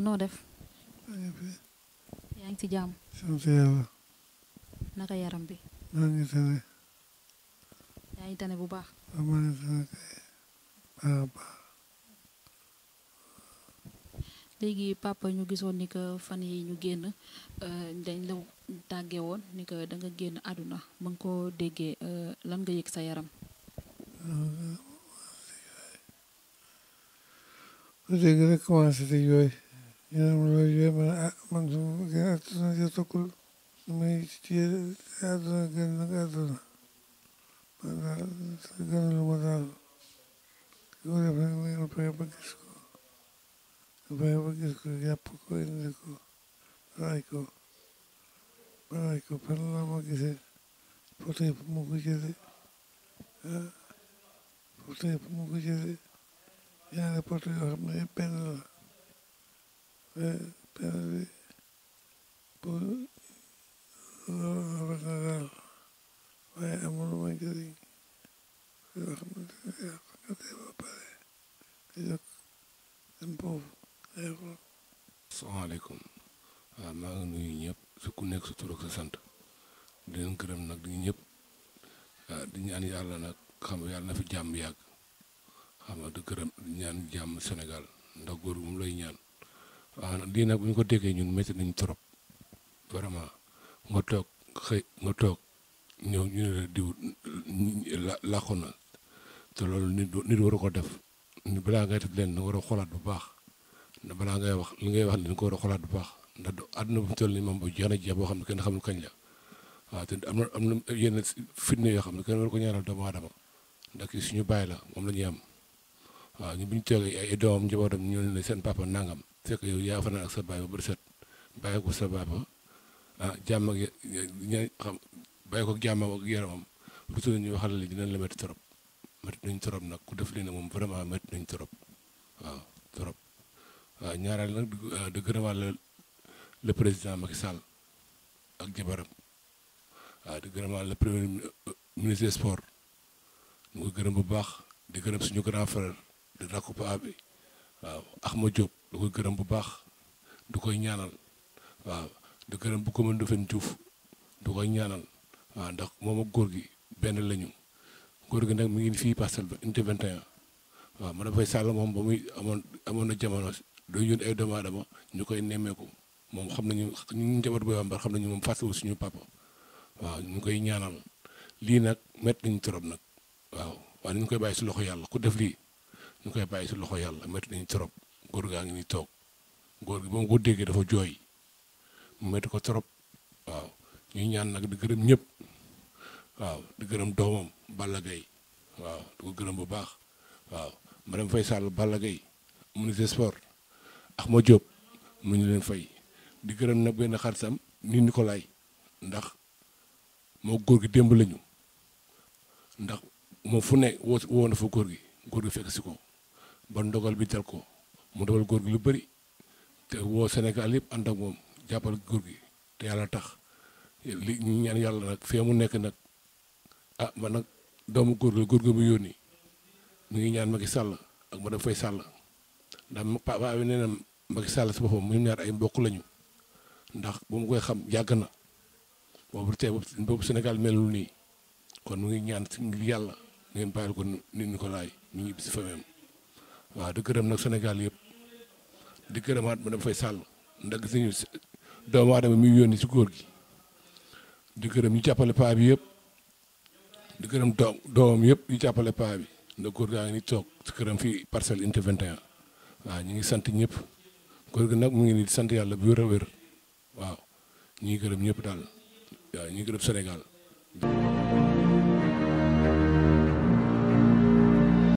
ko noo def. yaa ngi ci jàmm. sant yàlla. yaram bi. maa bu baax. waaw léegi papa ñu gisoon ni que fan yi ñu génn euh, dañ la tàggee woon ni que génn àdduna ba nga koo déggee euh, lan nga yëg sa yaram. bu dégg rek commencé di jooy. yéen a man su ma génn àdduna ja tokkul su ma ciyee àdduna génn nag àdduna man daal gënalu ma daal ki ko def nag nga fexe ba gis ko nga fexe ba gis ko yàpp ko indi ko raay ko raay ko fan la ma gisee photo yi fu mu ko jëlee ah photo yi fu mu ko jëlee ñaari photo yoo xam ne benn la asalaamaaleykum waaw ah, maa ngi nuyu ñëpp su ku nekk sa sant di leen gërëm nag di ñëpp waaw ah, di ñaan yàlla nag xam nga yàlla na fi jàmm yàgg xam nga di gërëm di ñaan jàmm Sénégal ndax góor moom lay ñaan waaw lii nag bu ñu ko déggee ñun métti nañ trop vraiment nga toog xëy nga toog ñëw ñu ne la diw làqu na te loolu nit nit waru ko def balaa ngay def leen nga war a xoolaat bu baax balaa ngay wax li ngay wax ni ko war a xoolaat bu baax ndax àdduna bu mu toll nii moom bu jeex na jeex boo xam ne kenn xamul kañ la waaw te am na am na yenn fitne yoo xam ne kenn waru ko ñaanal doomu aadama ndax kii suñu bàyyi la moom la ñuy am waaw ñu bu ñu toogee ay doomam njabootam ñu ne seen papa nangam. fekk yow yaa fanaan ak sa baay ba bët set bàyyi ko sa baaba ah jàmm ak ña xam bàyyi ko jàmmam ak yaramam retour ñu waxal la dinañ la métti trop métti nañ trop nag ku def lii nag moom vraiment métti nañ trop waaw trop waaw ñaareel nag di ah, gërëmaale le président Macky Sall ak jabaram waaw di gërëmaale le premier euh, ministre des sports ñu ko bu baax di gërëm suñu grand frère di rakku paa waaw Axma Diop. du koy gërëm bu baax du koy ñaanal waaw du gërëm bu ko mën Ndofène juuf du koy ñaanal waaw ndax moom ak góor gi benn lañu góor gi nag mu ngi fii parcelle ba unité 21 waaw ma dafay sàll moom ba muy amoon amoon na jamono doo yónni ay doomu aadama ñu koy nemmeeku moom xam nañu ñu njaboot booy wàmbar xam nañu moom fàttaliwul suñu papa waaw ñu koy ñaanal lii nag métti nañu trop nag waaw waaye ñu koy bàyyi si loxo yàlla ku def lii ñu koy bàyyi si loxo yàlla métti nañu trop. góor gaa ngi ni toog góor gi ba mu ko déggee dafa jooy mu metti ko trop waaw ñuy ñaan nag di gërëm ñëpp waaw di gërëm doomam Balla Gaye waaw di ko gërëm bu baax waaw madame Faye Sall Balla Gaye ministre sport Axma Diop mu ñu leen fay di gërëm nag benn xaritam ni Nicolas ndax moo góor gi démb lañu ndax moom fu ne woo woo na fa góor gi góor gi fekk si ko ba ndogal bi dal ko mu defal góor gi lu bëri te woo Sénégal yëpp ànd ak moom jàppal góor gi te yàlla tax li ñu ñaan yàlla nag fee mu nekk nag ah man nag doomu góor la góor gi mu yónni mu ngi ñaan Macky sàll ak ma def fay sàll ndax papa bi nee na Macky Sall si boppa mu ñaar ay mbokk lañu ndax bu mu koy xam yàgg na boobu tey boobu Sénégal melul nii kon mu ngi ñaan si yàlla ngeen bàyyil ko ni Nicolas ñu ngi si famem waaw di gërëm nag Sénégal yëpp di gërëmaat ma dama fay sàll ndax gis nañu doomu aadama mi yónni si góor gi di gërëm ñu jàppale paa bi yëpp di gërëm doom doomam yëpp ñu jàppale paa bi ndax góor gaa ngi ni toog si këram fii parcelle unité 21 waaw ñu ngi sant ñëpp góor gi nag mu ngi nii sant yàlla bu wér a wér waaw ñu ngi gërëm ñëpp daal waaw ñu ngi gërëm Sénégal.